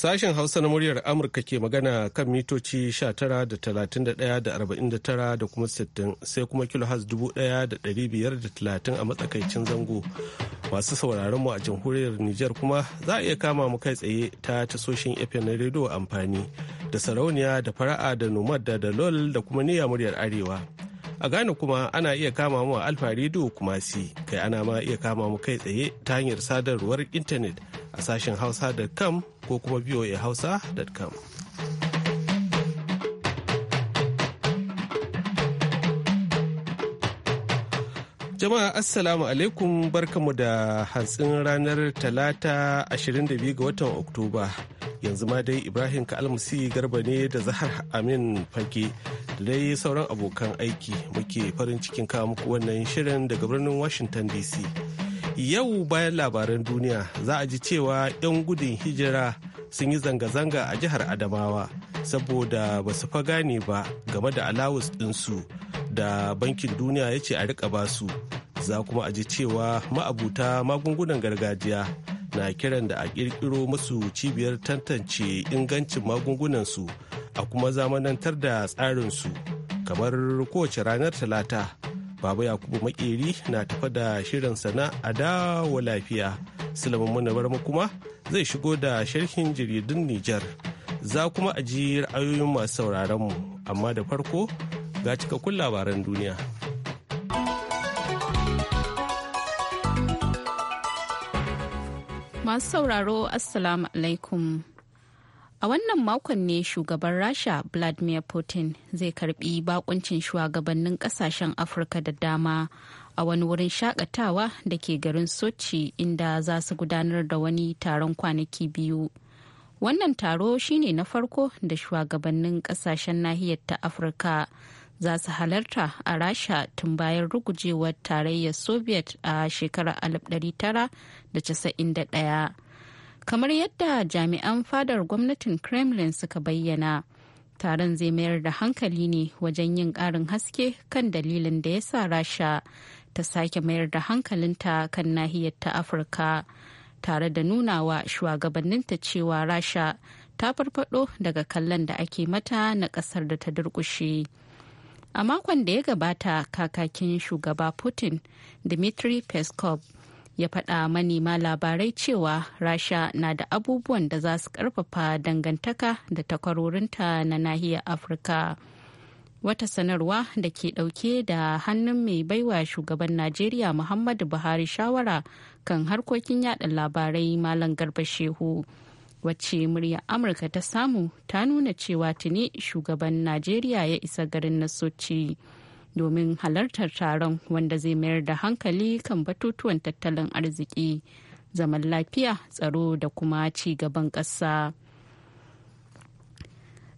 Sashen Hausa na muryar Amurka ke magana kan mitoci 19 da 31 da 49 da kuma 60 sai kuma kilohaz 1530 a matsakaicin zango. Masu sauraron mu a jamhuriyar Nijar kuma za a iya kama mu kai tsaye ta tasoshin FM na rediyo amfani da sarauniya da fara'a da nomad da dalol da kuma niyya muryar arewa. A Ghana kuma ana iya kama mu a Alfa rediyo kuma si kai ana ma iya kama mu kai tsaye ta hanyar sadarwar intanet a sashen hausa da kam. ko kuma voahausa.com. Jama'a Assalamu alaikum barkamu da hatsin ranar Talata 22 ga watan Oktoba. Yanzu ma dai Ibrahim Ka'almasi garba ne da Zahar Amin Fage da dai sauran abokan aiki muke farin cikin kawo muku wannan shirin daga birnin Washington DC. Yau bayan labaran duniya za a ji cewa 'yan gudun hijira sun yi zanga-zanga a jihar Adamawa saboda ba su fa gane ba game da alawus ɗinsu da bankin duniya ya ce a rika basu. Za kuma a ji cewa ma'abuta magungunan gargajiya na kiran da a ƙirƙiro musu cibiyar tantance ingancin magungunansu a kuma zamanantar da tsarinsu kamar kowace ranar talata. Baba Yakubu Makeri na tafa da shirin sana a dawo lafiya. Sulaiman mu kuma zai shigo da sharhin jaridun Nijar. Za kuma a ji ra'ayoyin masu sauraron mu, amma da farko ga cikakkun labaran duniya. Masu sauraro, Assalamu alaikum. A wannan makon ne shugaban Rasha Vladimir Putin zai karbi bakuncin shugabannin kasashen Afirka da dama a wani wurin shakatawa da ke garin Sochi inda za su gudanar da wani taron kwanaki biyu. Wannan taro shine na farko da shugabannin kasashen nahiyar ta Afirka za su halarta a Rasha tun bayan rugujewar tarayyar Soviet a shekarar 1991. kamar yadda jami'an fadar gwamnatin kremlin suka bayyana taron zai mayar da hankali ne wajen yin karin haske kan dalilin da ya sa rasha ta sake mayar da hankalinta kan nahiyar ta afirka tare da nuna wa shugabanninta cewa rasha ta farfado daga kallon da ake mata na kasar da ta durkushe. a makon da ya gabata kakakin shugaba putin dmitry peskov ya faɗa manema labarai cewa rasha na da abubuwan da za su karfafa dangantaka da takwarorinta na nahiyar afirka wata sanarwa da ke ɗauke da hannun mai baiwa shugaban najeriya muhammadu buhari shawara kan harkokin yada labarai malam garba shehu wacce murya amurka ta samu ta nuna cewa tuni shugaban najeriya ya isa garin na sochi. domin halartar taron wanda zai mayar da hankali kan batutuwan tattalin arziki zaman lafiya tsaro da kuma ci gaban ƙasa.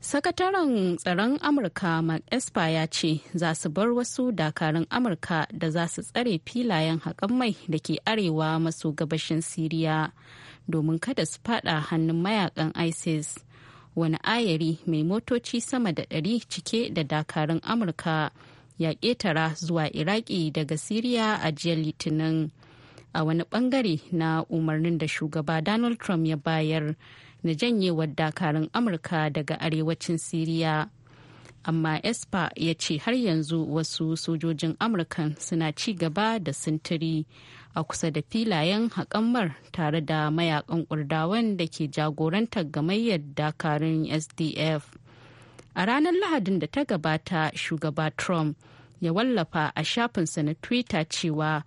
sakataren tsaron amurka mark esper ya ce za su bar wasu dakarun amurka da za su tsare filayen haƙan mai da ke arewa maso gabashin siriya domin kada su fada hannun mayakan isis wani ayari mai motoci sama da ɗari cike da dakarun amurka ya ƙetara zuwa iraki daga siriya a jiya litinin a wani bangare na umarnin da shugaba donald trump ya bayar na janyewar dakarun amurka daga arewacin siriya amma espa ya ce har yanzu wasu sojojin amurkan suna ci gaba da sintiri a kusa da filayen haƙammar tare da mayakan kurdawan da ke jagorantar gamayyar dakarun sdf a ranar lahadin da ta gabata shugaba trump ya wallafa a shafinsa na twitter cewa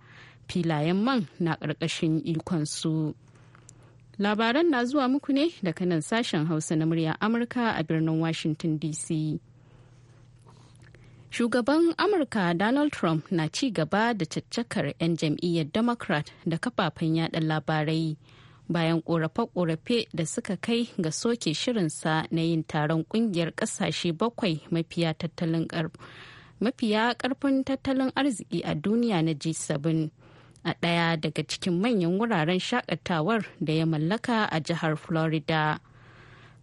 filayen man na ƙarƙashin ikonsu labaran na zuwa muku ne daga nan sashen hausa na murya amurka a birnin washington dc shugaban amurka donald trump na ci gaba da caccakar 'yan jam'iyyar democrat da kafafen yada labarai bayan ƙorafe-ƙorafe da suka kai ga soke shirinsa na yin taron ƙungiyar ƙasashe bakwai mafiya tattalin mafiya karfin tattalin arziki a duniya na G7 a ɗaya daga cikin manyan wuraren shakatawar da ya mallaka a jihar Florida.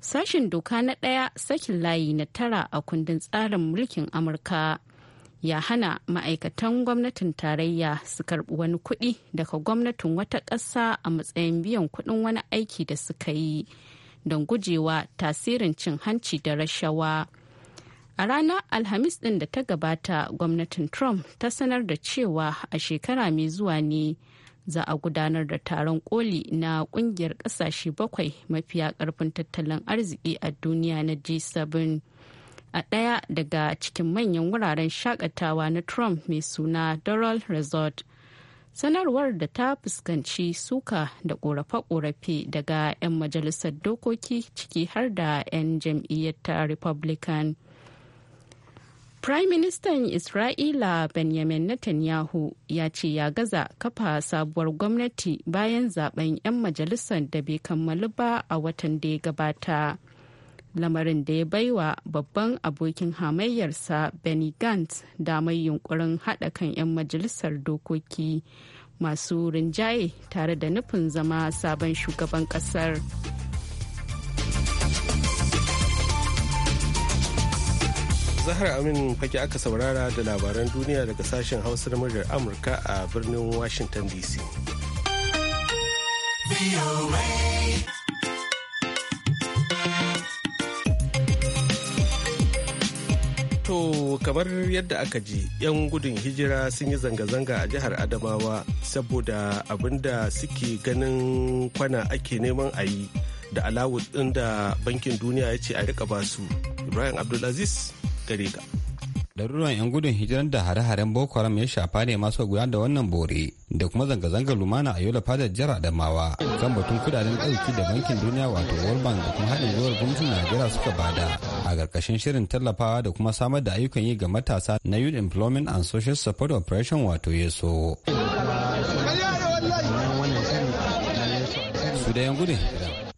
Sashen doka na ɗaya sakin layi na tara a kundin tsarin mulkin Amurka. ya hana ma'aikatan gwamnatin tarayya su karbi wani kuɗi daga gwamnatin wata ƙasa a matsayin biyan kuɗin wani aiki da suka yi don gujewa tasirin cin hanci da rashawa. A ranar Alhamis ɗin da ta gabata, gwamnatin Trump ta sanar da cewa a shekara mai zuwa ne za a gudanar da taron koli na ƙungiyar ƙasashe bakwai mafiya ƙarfin tattalin arziki a duniya na G7. a ɗaya daga cikin manyan wuraren shakatawa na Trump mai suna Doral Resort. Sanarwar da ta fuskanci suka da ƙorafe-ƙorafe daga 'yan majalisar dokoki ciki har da 'yan jam'iyyar Republican. Prime Minister Isra'ila Benjamin Netanyahu ya ce ya gaza kafa sabuwar gwamnati bayan zaben 'yan majalisar da bai kammalu ba a watan da ya gabata. lamarin da ya baiwa babban abokin hamayyarsa benny gantz damar yunkurin haɗa kan 'yan majalisar dokoki masu rinjaye tare da nufin zama sabon shugaban ƙasar. zahar amin fage aka saurara da labaran duniya daga sashen hausa na muryar amurka a birnin washington dc. To kamar yadda aka ji 'yan gudun hijira sun yi zanga-zanga a jihar Adamawa saboda abin da suke ganin kwana ake neman a yi da alawu da bankin duniya ya ce a rika basu. Ibrahim Abdulaziz gare ka. ɗaruruwan 'yan gudun hijirar da hare-haren boko haram ya shafa ne masu guda da wannan bore da kuma zanga-zangar lumana a yola fadar jihar adamawa kan batun kudaden aiki da bankin duniya wato world bank da kuma haɗin gwiwar gwamnatin najeriya suka bada a ƙarƙashin shirin tallafawa da kuma samar da ayyukan yi ga matasa na youth employment and social support operation wato yeso su da 'yan gudun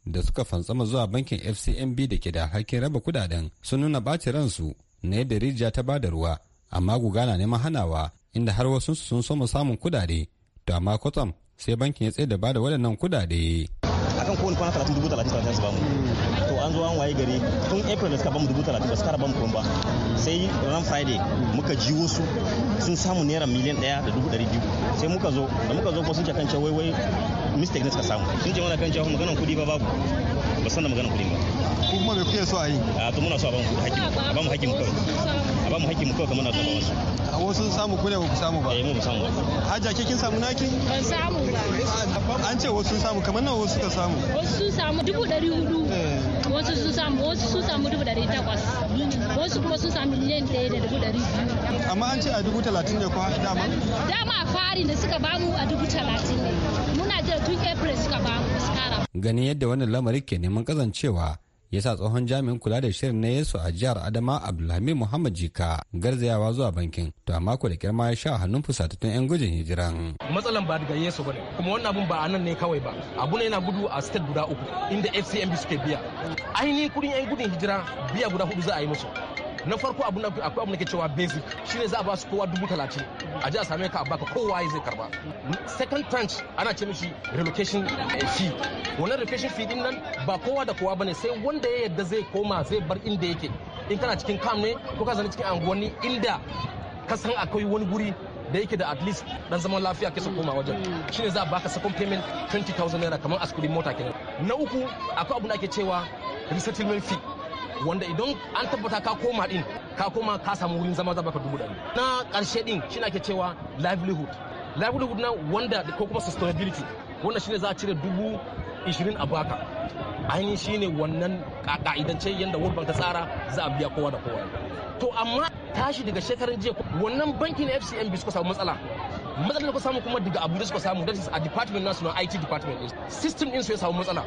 da suka fantsama zuwa bankin fcmb da ke da hakkin raba kudaden sun nuna ɓacin ransu na yadda rijiya ta bada ruwa amma guga na neman hanawa inda har wasu sun so samun kudade to amma kwatsam sai bankin ya tsaye da bada waɗannan kudade akan kowane kwana talatin dubu talatin talatin su bamu to an zo an waye gari tun april da suka bamu dubu talatin ba su kara bamu kuma ba sai ran friday muka ji wasu sun samu naira miliyan ɗaya da dubu ɗari biyu sai muka zo da muka zo ko sun ce kan cewa wai mistake ne suka samu sun ce mana kan cewa magana kudi ba babu ba san da maganan kudi ba ko kuma me kuke so a yi a to muna so a ba mu hakki a mu hakki mu kawai a ba mu hakki mu kawai kamar na so ba wasu a wasu sun samu kudi ba ku samu ba eh mu ba samu ba haja ke kin samu naki ban samu ba an ce wasu sun samu kamar na wasu suka samu wasu sun samu dubu ɗari hudu eh. wasu su samu wasu su samu dubu dari takwas wasu kuma su samu miliyan ɗaya da dubu dari biyu. amma an ce a dubu talatin ne kuma dama. dama fari da suka bamu a dubu talatin ne muna jira tun april suka bamu su kara. ganin yadda wannan lamarin ke neman kazancewa ya sa tsohon jami'in kula da shirin na yesu a jihar adama abdulhami muhammad jika garzayawa zuwa bankin to a mako da kirma ya sha hannun fusatattun yan gudun hijiran matsalan ba daga yesu bane kuma wannan abun ba a ne kawai ba abu ne yana gudu a state guda uku inda fcmb suke biya ainihin kudin yan gudun hijira biya guda hudu za a yi musu na farko abu da akwai abu da ke cewa basic shine za a ba su kowa dubu talatin a ji a same ka a baka kowa zai karba second tranche ana ce mishi relocation eh, fee wannan relocation fee din nan ba kowa da kowa bane sai wanda ya yadda zai koma zai bar inda yake in kana cikin kam ne ko ka zana cikin anguwanni inda ka san akwai wani guri da yake da at least dan zaman lafiya su koma wajen shine za a baka second payment 20000 naira kamar a mota kenan na uku akwai abu da ake cewa resettlement fee wanda idan an tabbata ka koma din ka koma ka samu wurin zama zaba ka dubu ɗari na ƙarshe din shi ke cewa livelihood livelihood na wanda ko kuma sustainability wanda shine za a cire dubu ishirin a baka ainihin shine wannan ka'idance yadda world bank ta tsara za a biya kowa da kowa to amma tashi daga shekaran jiya wannan banki na fcmb suka samu matsala matsalar ku samu kuma daga abu da suka samu that is a department nasu na it department din system din su ya samu matsala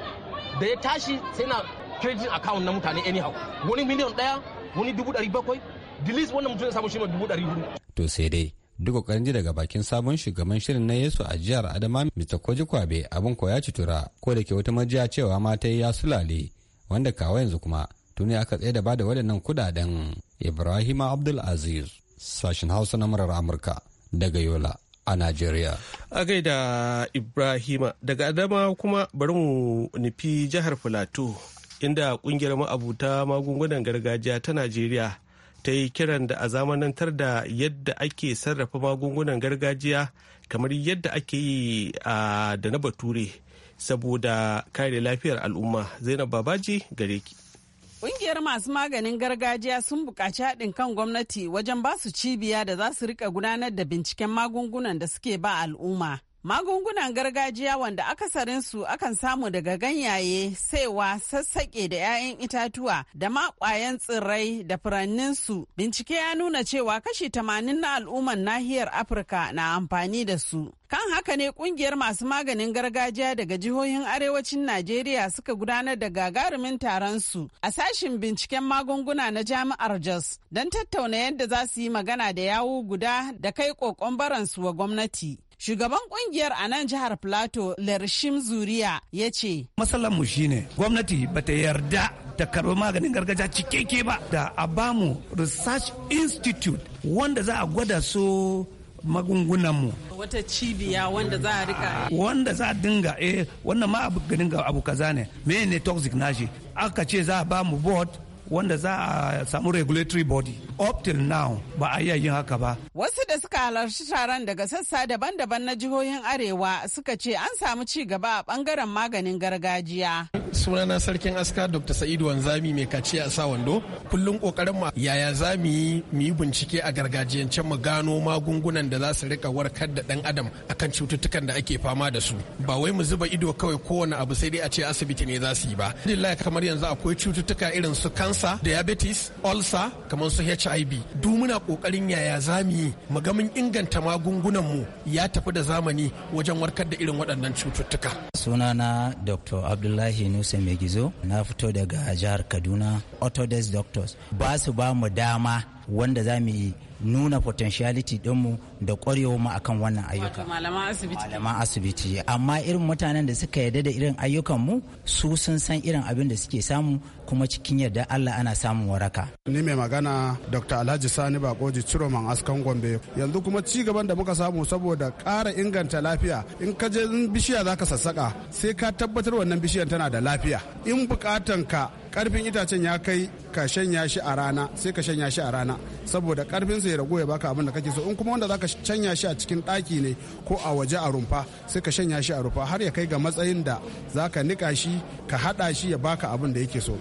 da ya tashi sai na kirjin account na mutane anyhow wani miliyan daya wani dubu dari bakwai the least wannan mutum ya samu shi ma dubu dari hudu. to sai dai duk kokarin ji daga bakin sabon shugaban shirin na yesu a jihar adama mr koji kwabe abin ko ya ci tura ko da ke wata majiya cewa mata ya sulale wanda kawo yanzu kuma tuni aka tsaye da bada waɗannan kudaden ibrahima abdul aziz sashen hausa na murar amurka daga yola a Najeriya. A gaida Ibrahima daga Adama kuma bari mu nufi jihar Filato inda kungiyar ma'abuta magungunan gargajiya ta najeriya ta yi kiran da a zamanantar da yadda ake sarrafa magungunan gargajiya kamar yadda ake yi da na bature saboda kare lafiyar al'umma zainab babaji gare ki Ƙungiyar masu maganin gargajiya sun bukaci haɗin kan gwamnati wajen ba su cibiya da za su rika gudanar da binciken magungunan da suke ba al'umma. Magungunan gargajiya wanda akasarin su akan samu daga ganyaye, saiwa, sassaƙe da 'ya'yan itatuwa da ma ƙwayan tsirrai da furanninsu. Bincike ya nuna cewa kashi tamanin na al'umman nahiyar Afirka na amfani da su. Kan haka ne kungiyar masu maganin gargajiya daga jihohin arewacin Najeriya suka gudanar da gagarumin taron su a sashin binciken magunguna na jami'ar Jos don tattauna yadda za su yi magana da yawu guda da kai kokon baransu wa gwamnati. Shugaban kungiyar a nan jihar Plateau larishim Zuriya ya ce. Matsalar mu shine gwamnati bata yarda da karɓar maganin gargajiya cikeke ba da a bamu Research Institute wanda za a gwada su magungunanmu. Wata cibiya wanda za a rika. Wanda za a dinga eh wannan ma abu ganin abu kaza ne me ne toxic nashi aka ce za a ba board wanda za a samu regulatory body up till now ba a iya yin haka ba wasu da suka halarci taron daga sassa daban-daban na jihohin arewa suka ce an samu ci gaba a bangaren maganin gargajiya sunana sarkin aska dr sa'idu wanzami mai kaciya a sa wando kullum kokarin mu yaya za mu yi bincike a gargajiyancen mu gano magungunan da za su rika warkar da dan adam akan cututtukan da ake fama da su ba wai mu zuba ido kawai kowane abu sai dai a ce asibiti ne za su yi ba alhamdulillah kamar yanzu akwai cututtuka irin su kansa kansa diabetes ulcer kamar su hiv duk muna kokarin yaya zamu yi mu inganta magungunan mu ya tafi da zamani wajen warkar da irin waɗannan cututtuka sunana dr abdullahi nusa megizo na fito daga jihar kaduna orthodox doctors ba su ba mu dama wanda za mu yi nuna potentiality dinmu da ƙwarewa mu akan wannan ayyuka malaman asibiti asibiti amma irin mutanen da suka yarda da irin ayyukan mu su sun san irin abin da suke samu kuma cikin yadda Allah ana samun waraka. Ni mai magana Dr. Alhaji Sani Bakoji Ciroman Askan Gombe. Yanzu kuma ci gaban da muka samu saboda ƙara inganta lafiya. In ka je bishiya zaka sassaka sai ka tabbatar wannan bishiyar tana da lafiya. In bukatan ka karfin itacen ya kai ka shanya shi a rana sai ka shanya shi a rana saboda karfin sa ya ragu ya baka abin da kake so in kuma wanda zaka shanya shi a cikin daki ne ko a waje a rumfa sai ka shanya shi a rumfa har ya kai ga matsayin da zaka nika shi ka hada shi ya baka abin da yake so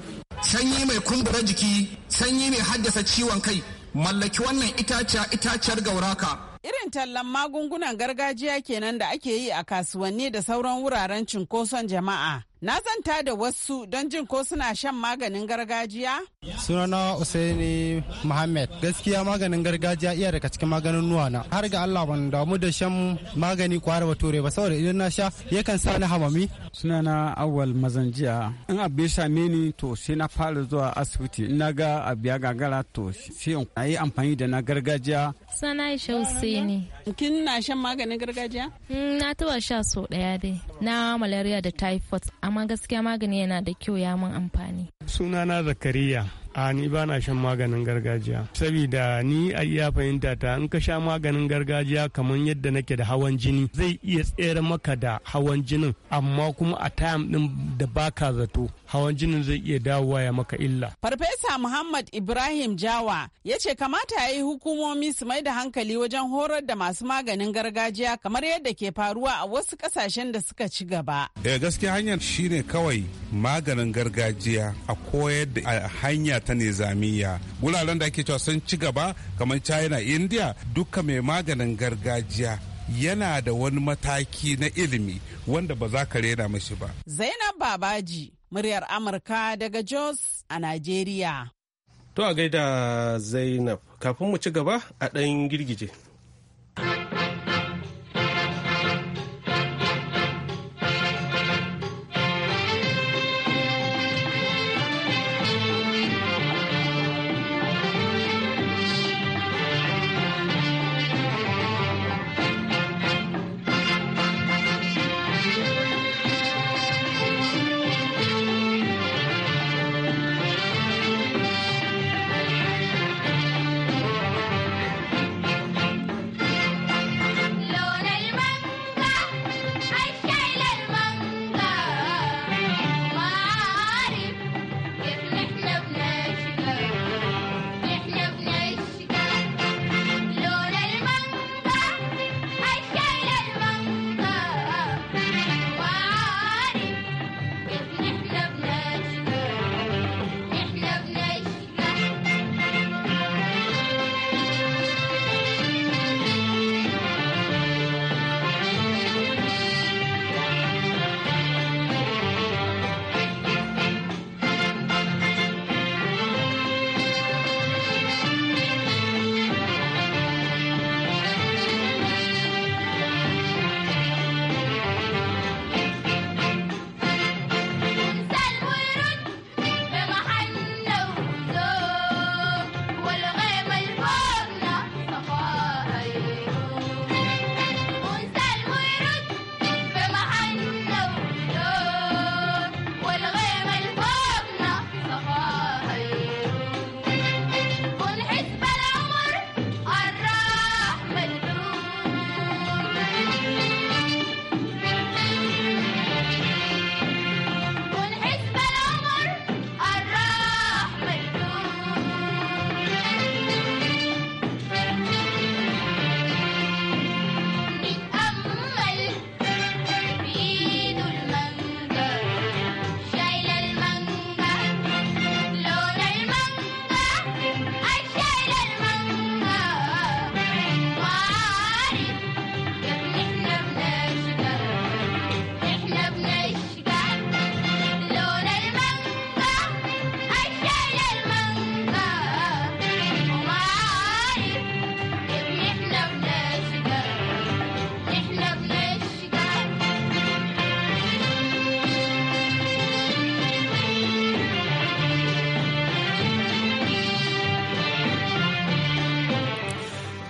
sanyi mai kumbura jiki sanyi mai haddasa ciwon kai mallaki wannan itaciya itaciyar gauraka irin tallan magungunan gargajiya kenan da ake yi a kasuwanni da sauran wuraren cinkoson jama'a Na zanta da wasu don jin ko suna shan maganin gargajiya? Sunana Usaini Muhammad. Gaskiya maganin gargajiya iya daga cikin maganin nuwana. Har ga Allah ban damu da shan magani kwara ture ba saboda idan na sha yakan sa ni hamami. Sunana Awal Mazanjiya. In abu ya same ni to sai na fara zuwa asibiti. In na ga abu ya gagara to sai in yi amfani da na gargajiya. Sana Aisha Usaini. Kin na shan maganin gargajiya? Mm, na taba sha sau ɗaya dai. Na malaria da typhoid. amma gaskiya magani yana da kyau ya mun amfani sunana zakariya a ni ba na shan maganin gargajiya saboda ni a iya fahimta ta in ka sha maganin gargajiya kamar yadda nake da hawan jini zai iya tsere maka da hawan jinin amma kuma a time din da baka zato hawan jinin zai iya dawowa ya maka illa farfesa muhammad ibrahim jawa ya ce kamata ya yi hukumomi su mai da hankali wajen horar da masu maganin gargajiya kamar yadda ke faruwa a wasu kasashen da suka ci gaba eh, gaskiya hanyar shine kawai maganin gargajiya a koyar da hanya ta nizamiya wuraren da ake cewa sun ci gaba kamar china india duka mai maganin gargajiya yana da wani mataki na ilimi wanda ba za ka rena mashi ba zainab babaji muryar amurka daga jos a najeriya to a gaida zainab kafin mu ci gaba a ɗan girgije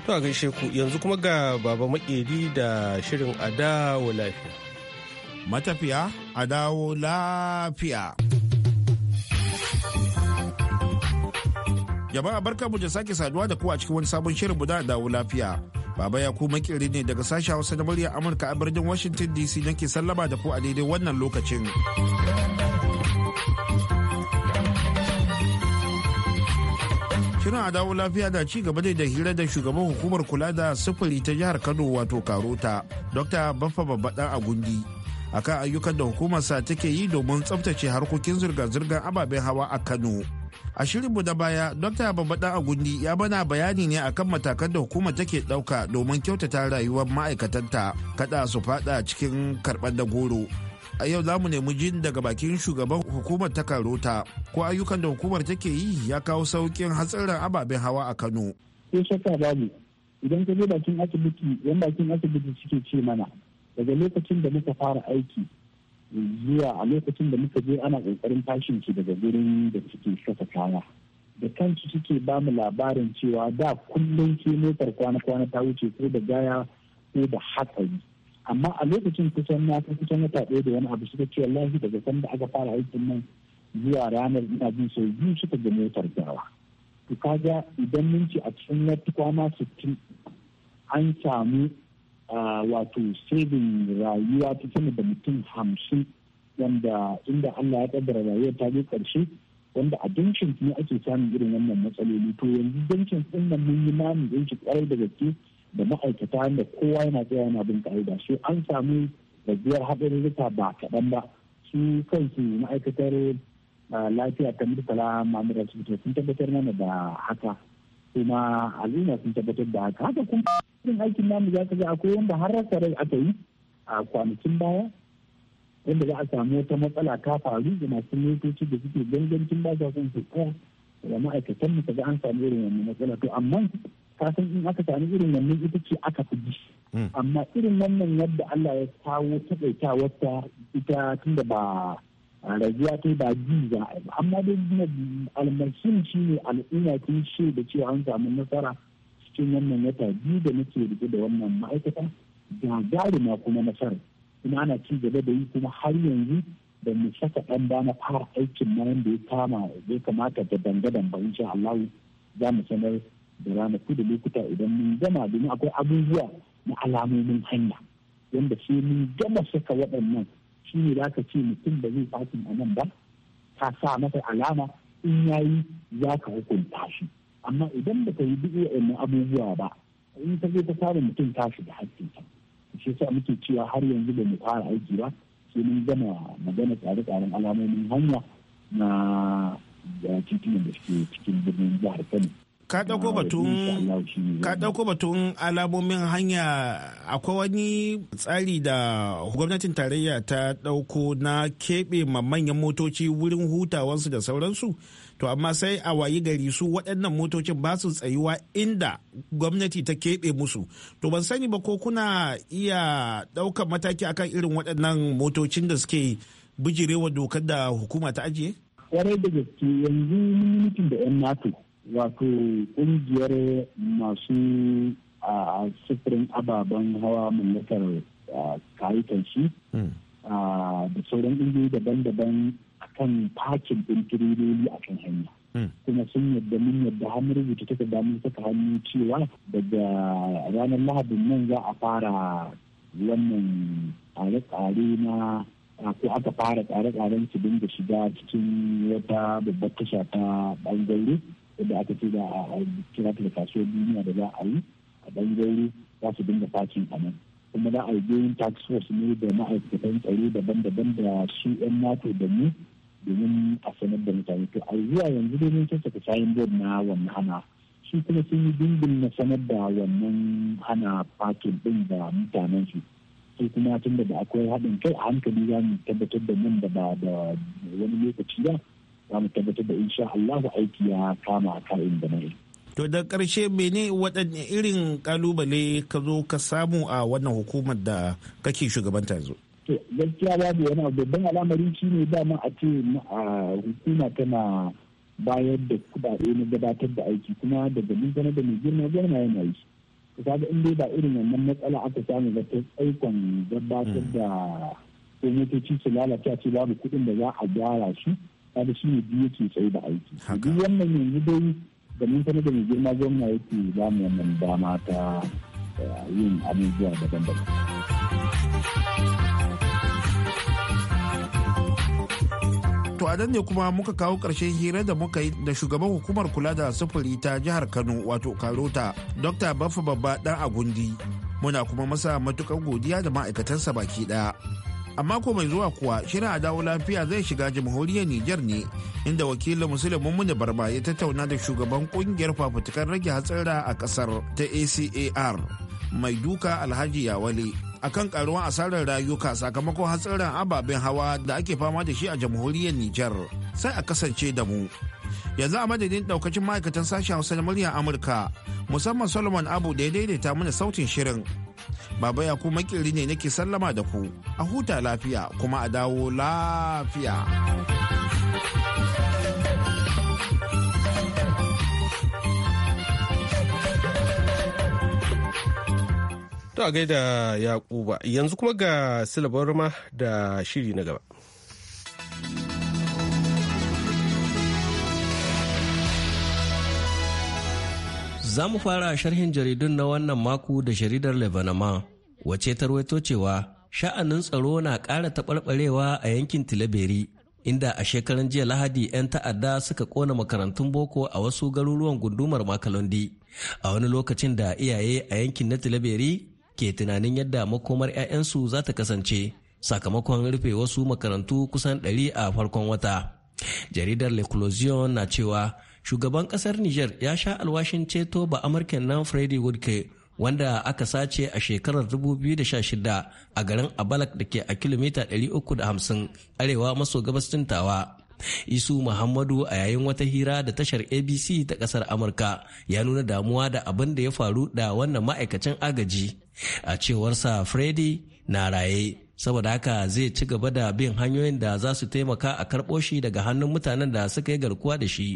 To a gaishe ku yanzu kuma ga baba makeri da shirin adawo lafiya. Matafiya adawo lafiya. Jama'a mu da sake saduwa da ku a cikin wani sabon shirin da dawo lafiya. Baba ya ku makeri ne daga sashen Hausa na murya Amurka a birnin Washington DC don ke sallama da ku a daidai wannan lokacin. kiran a dawo lafiya da ci gaba da hira da shugaban hukumar kula da sufuri ta jihar Kano wato Karota, Dr. Baffa Babbaɗa Agundi. akan ayyukan da hukumar hukumarsa take yi domin tsabtace harkokin zirga-zirgar ababen hawa a Kano. A shirinmu da baya, Dr. Babbaɗa Agundi ya bana bayani ne akan matakan da hukumar take ɗauka domin kyautata rayuwar ma'aikatanta kada su fada cikin karɓar da goro. a yau za mu nemi jin daga bakin shugaban hukumar ta karota ko ayyukan da hukumar take yi ya kawo saukin hatsarin ababen hawa a kano ko shakka babu idan ka je bakin asibiti yan bakin asibiti suke ce mana daga lokacin da muka fara aiki zuwa a lokacin da muka je ana kokarin fashin ki daga gurin da suke kasa kaya da kansu suke ba mu labarin cewa da kullum ke motar kwana-kwana ta wuce ko da gaya ko da hatsari amma a lokacin kusan na kai kusan wata ɗaya da wani abu suka ce wallahi daga sanda aka fara aikin nan zuwa ranar ina jin sau biyu suka ga motar gawa to kaga idan mun ci a cikin wata kwana sittin an samu wato saving rayuwa ta sama da mutum hamsin wanda inda Allah ya kaddara rayuwar ta je ƙarshe wanda a dinkin ne ake samun irin wannan matsaloli to yanzu dinkin ɗin nan mun yi mamin dinkin ƙwarai da gaske da ma'aikata wanda kowa yana tsaya yana bin ka'ida su an samu gajiyar haɗarurruka ba kaɗan ba su kansu ma'aikatar ah, lafiya ta murtala mamura fito sun tabbatar mana da haka kuma al'umma sun tabbatar da haka haka kuma yin aikin namu za ka ga akwai wanda har rasa rai aka yi a kwanakin baya wanda za a samu wata matsala ta faru da masu motoci da suke gangancin ba sa son su tsaya da ma'aikatan mu ga an samu irin wannan matsala to amma kasan in aka sami irin wannan ita ce aka fi ji hmm. amma irin wannan yadda Allah ya kawo wata ita tunda ba rajiya ta ba ji za a yi ba amma dai almashin shi ne al'umma tun ce da cewa an samu nasara cikin wannan wata biyu da nake rike da wannan ma'aikata gagaruma kuma nasara kuma ana ci gaba da yi kuma har yanzu da mu saka ɗan ba na fara aikin na da ya kama ya kamata da danga damba insha Allah za mu sanar da ranaku da lokuta idan mun gama domin akwai abubuwa na alamomin hanya wanda sai mun gama saka waɗannan shi ne za ce mutum da zai fatin a nan ba ka sa masa alama in ya yi za ka hukunta shi amma idan ba ka yi duk waɗannan abubuwa ba in ka zai ta kare mutum ta shiga hakkinsa shi sa muke cewa har yanzu ba mu fara aiki ba sai mun gama magana tsare-tsaren alamomin hanya na titunan da suke cikin birnin jihar Kano. ka ɗauko batun alamomin hanya akwai wani tsari da gwamnatin tarayya ta ɗauko na keɓe ma manyan motoci wurin hutawansu da sauransu to amma sai a wayi gari su waɗannan motocin ba su tsayuwa inda gwamnati ta keɓe musu to ban sani ba ko kuna iya ɗaukar mataki akan irin waɗannan motocin da suke bijirewa dokar da hukuma ta ajiye? da gaske yanzu mutum da 'yan nato wato ƙungiyar masu a sufurin ababen hawa mallakar kayitan shi hmm. da sauran ƙungiyoyi daban-daban kan fakin ɗin tururori a kan hanya hmm. kuma sun yadda mun yadda hannun rubuta ta mun saka hannu cewa daga ranar lahadin nan za a fara wannan tsare-tsare na ko aka fara tsare-tsaren su dinga shiga cikin wata babbar tasha ta ɓangare yadda aka ce da a kira ta kasuwar duniya da za a yi a bangarori za su dinga fakin a nan kuma za a yi goyin tax force ne da ma'aikatan tsaro daban-daban da su 'yan nato da mu domin a sanar da mutane to a zuwa yanzu domin ta saka ta sayin na wannan hana shi kuma sun yi dindin na sanar da wannan hana fakin din da mutanen su sai kuma tun da akwai haɗin kai a hankali za mu tabbatar da nan da ba da wani lokaci ba za mu tabbatar da insha Allah aiki ya kama kayan da na'in. To da ƙarshe mene waɗanne irin kalubale ka zo ka samu a wannan hukumar da kake shugabanta yanzu? To gaskiya babu wani babban al'amari shi ne dama a ce hukuma tana bayar da kuɗaɗe na gabatar da aiki kuma daga mun da mai girma na yana yi. Kusa ga in dai ba irin wannan matsala aka samu ba ta tsaikon gabatar mm. da ko su lalata a ce babu kuɗin da za a gyara shi. kada shi ne biyu ke tsaye da aiki duk wannan yanzu dai da mun sanar da mai girma gwamna yake ba mu wannan dama ta eh, yin abubuwa daban-daban To a nan ne kuma muka kawo ƙarshen hira da muka yi da shugaban hukumar kula da sufuri ta jihar Kano wato Karota, Dr. Baffa Babba dan Agundi. Muna kuma masa matukan godiya da ma'aikatansa baki ɗaya. a mako mai zuwa kuwa shirin a dawo lafiya zai shiga jamhuriyar Nijar ne inda wakilin Musulun Mummuni Barba ya tattauna da shugaban kungiyar fafutukar rage hatsara a kasar ta ACAR mai duka Alhaji Yawale akan karuwan asarar rayuka sakamakon hatsarin ababen hawa da ake fama da shi a jamhuriyar Nijar sai a kasance da mu. yanzu a madadin daukacin ma'aikatan sashen hausa na murya amurka musamman solomon abu da ya daidaita mana sautin shirin baba ya ku makiri ne nake sallama da ku a huta lafiya kuma a dawo lafiya To a gaida Yakuba yanzu kuma ga silabar ma da shiri na gaba. Za mu fara sharhin jaridun na wannan mako da jaridar Lebanama, wace tarwaito cewa sha'anin tsaro na ƙara taɓarɓarewa a yankin Tilaberi, inda a shekaran jiya Lahadi 'yan ta'adda suka kona makarantun boko a wasu garuruwan gundumar Makalondi, a wani lokacin da iyaye a yankin na Tilaberi ke tunanin yadda makomar 'ya'yansu za ta kasance sakamakon rufe wasu makarantu kusan ɗari a farkon wata. Jaridar L'Eclosion na cewa shugaban kasar niger ya sha alwashin ceto ba amurken nan freddy woodke wanda aka sace a shekarar 2016 a garin abalak da ke a kilomita 350 arewa maso gabas tawa isu muhammadu a yayin wata hira da tashar abc ta kasar amurka ya nuna damuwa da abin da ya faru da wannan ma'aikacin agaji a cewarsa freddy na raye saboda haka zai ci gaba da bin hanyoyin da za su taimaka a karɓo shi daga hannun mutanen da suka yi garkuwa da shi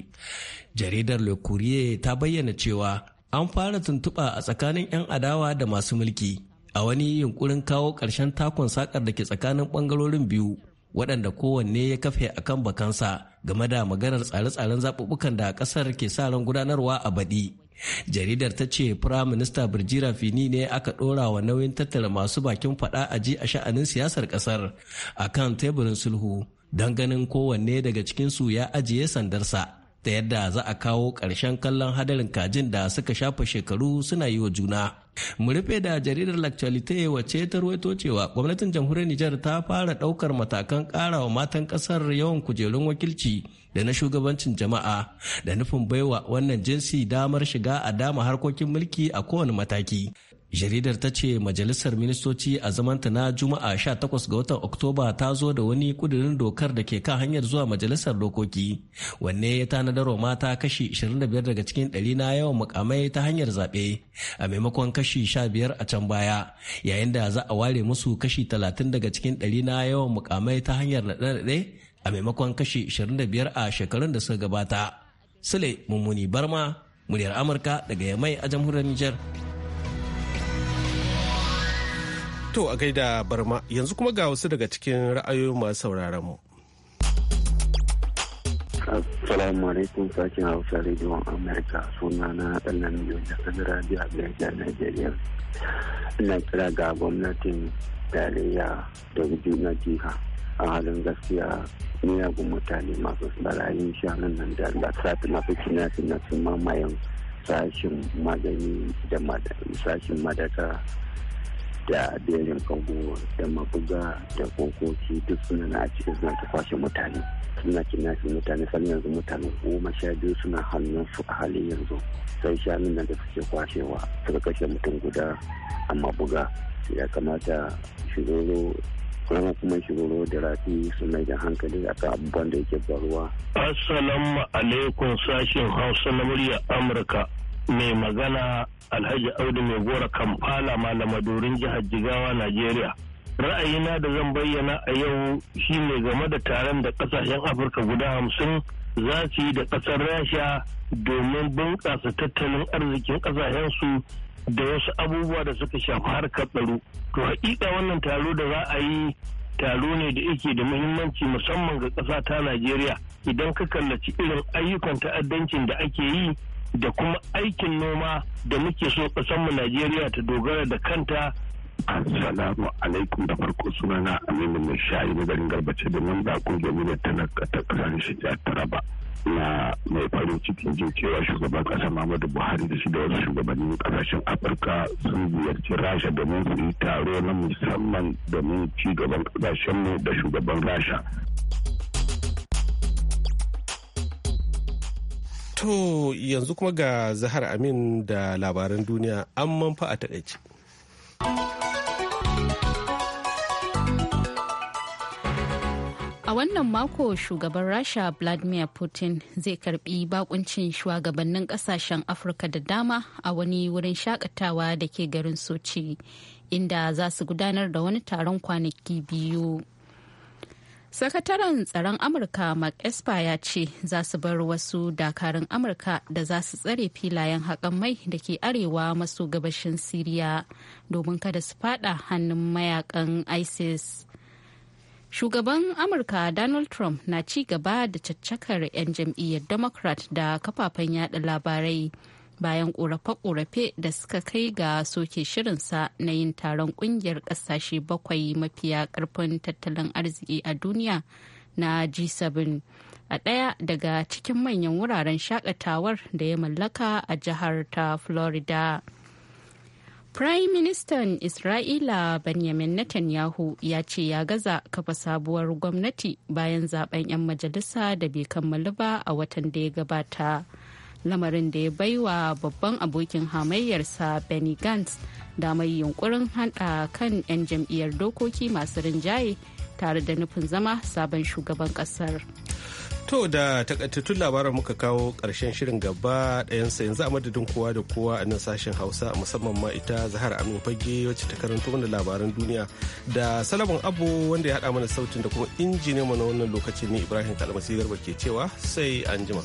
jaridar le courrier ta bayyana cewa an fara tuntuɓa a tsakanin 'yan adawa da masu mulki a wani yunkurin kawo ƙarshen takon sakar da ke tsakanin ɓangarorin biyu waɗanda kowanne ya kafe a kan bakansa game da maganar tsare-tsaren zaɓuɓɓukan da ƙasar ke sa ran gudanarwa a baɗi jaridar ta ce minista birjira fini ne aka ɗorawa wa nauyin tattara masu bakin faɗa a ji a sha'anin siyasar ƙasar a kan teburin sulhu don ganin kowanne daga cikinsu ya ajiye sandarsa ta yadda za a kawo ƙarshen kallon hadarin kajin da suka shafa shekaru suna yi wa juna. Mu rufe da jaridar Lactualite wacce ta ruwaito cewa gwamnatin jamhuriyar Nijar ta fara ɗaukar matakan ƙarawa matan ƙasar yawan kujerun wakilci da na shugabancin jama'a da nufin baiwa wannan jinsi damar shiga a dama harkokin mulki a kowane mataki. jaridar ta ce majalisar ministoci a zamanta na juma'a 18 ga watan oktoba ta zo da wani kudirin dokar da ke kan hanyar zuwa majalisar dokoki wanne ya tanadar wa mata kashi 25 daga cikin 100 na yawan mukamai ta hanyar zaɓe a maimakon kashi 15 a can baya yayin da za a ware musu kashi 30 daga cikin 100 na yawan mukamai ta hanyar naɗe-naɗe a maimakon kashi 25 a shekarun da suka gabata sule mummuni barma muryar amurka daga yamai a jamhuriyar niger To a gaida barma yanzu kuma ga wasu daga cikin ra'ayoyin masu sauraron mu. Assalamu alaikum sakin Hausa Radio America suna na ɗanan yau da sanara biya da Nigeria. Ina kira ga gwamnatin tarayya da na jiha a halin gaskiya miyagun mutane masu barayin shanun nan da latrafi masu kinafin na sun mamayen sashin magani da sashin madaka da daren kango da mabuga da kokoki duk suna a cikin suna ta kwashe mutane suna kinafin mutane sannan yanzu mutane goma sha biyu suna hannun su a halin yanzu sai shanun nan da suke kwashewa suka kashe mutum guda a mabuga ya kamata shiroro kuma kuma shigoro da rafi su mai da hankali a kan abubuwan da yake baruwa. Assalamu alaikum sashen Hausa na murya Amurka. mai magana alhaji audu mai gora kamfala dorin jihar jigawa najeriya ra'ayina da zan bayyana a yau shine game da taron da kasashen afirka guda hamsin za su yi da kasar rasha domin bunƙasa tattalin arzikin su da wasu abubuwa da suka shafi harkar tsaro to haƙiƙa wannan taro da za a yi taro ne da yake da muhimmanci musamman ga ƙasa ta najeriya idan ka kallaci irin ayyukan ta'addancin da ake yi da kuma aikin noma da muke so kasanmu Najeriya ta dogara da kanta Assalamu alaikum da farko sunana Aminu Mai Sha'i na garin Garbace da nan da kun gami da ta kasar ta Taraba. Na mai farin cikin jin cewa shugaban kasa Muhammadu Buhari da shi da wasu shugabannin kasashen Afirka sun ziyarci Rasha domin su yi taro na musamman domin ci gaban mu da shugaban Rasha. To yanzu kuma ga Zahar Amin da labaran duniya an manfa a taɗaice. A wannan mako shugaban Rasha Vladimir Putin zai karbi bakuncin shugabannin kasashen Afirka da dama a wani wurin shakatawa da ke garin Sochi inda za su gudanar da wani taron kwanaki biyu. sakataren tsaron amurka mark esper ya ce za su bar wasu dakarun amurka da za su tsare filayen haƙan mai da ke arewa maso gabashin siriya domin kada su fada hannun mayakan isis shugaban amurka donald trump na ci gaba da caccakar 'yan jam'iyyar democrat da kafafen yada labarai bayan ƙorafe-ƙorafe da suka kai ga soke shirinsa na yin taron ƙungiyar ƙasashe bakwai mafiya ƙarfin tattalin arziki a duniya na G7 a ɗaya daga cikin manyan wuraren shakatawar da ya mallaka a jihar ta Florida. Prime Ministan Isra'ila Benjamin Netanyahu ya ce ya gaza kafa sabuwar gwamnati bayan zaben 'yan majalisa da bai kammalu ba a watan da ya gabata. lamarin da ya baiwa babban abokin hamayyarsa benny gantz da mai yunkurin hada kan 'yan jam'iyyar dokoki masu rinjaye tare da nufin zama sabon shugaban kasar to da takaitattun labaran muka kawo ƙarshen shirin gaba ɗayansa yanzu a madadin kowa da kowa a nan sashen hausa musamman ma ita zahar amin fage wacce ta karanto mana labaran duniya da salamun abu wanda ya haɗa mana sautin da kuma injiniya mana wannan lokacin ne ibrahim kalmasi garba ke cewa sai an jima.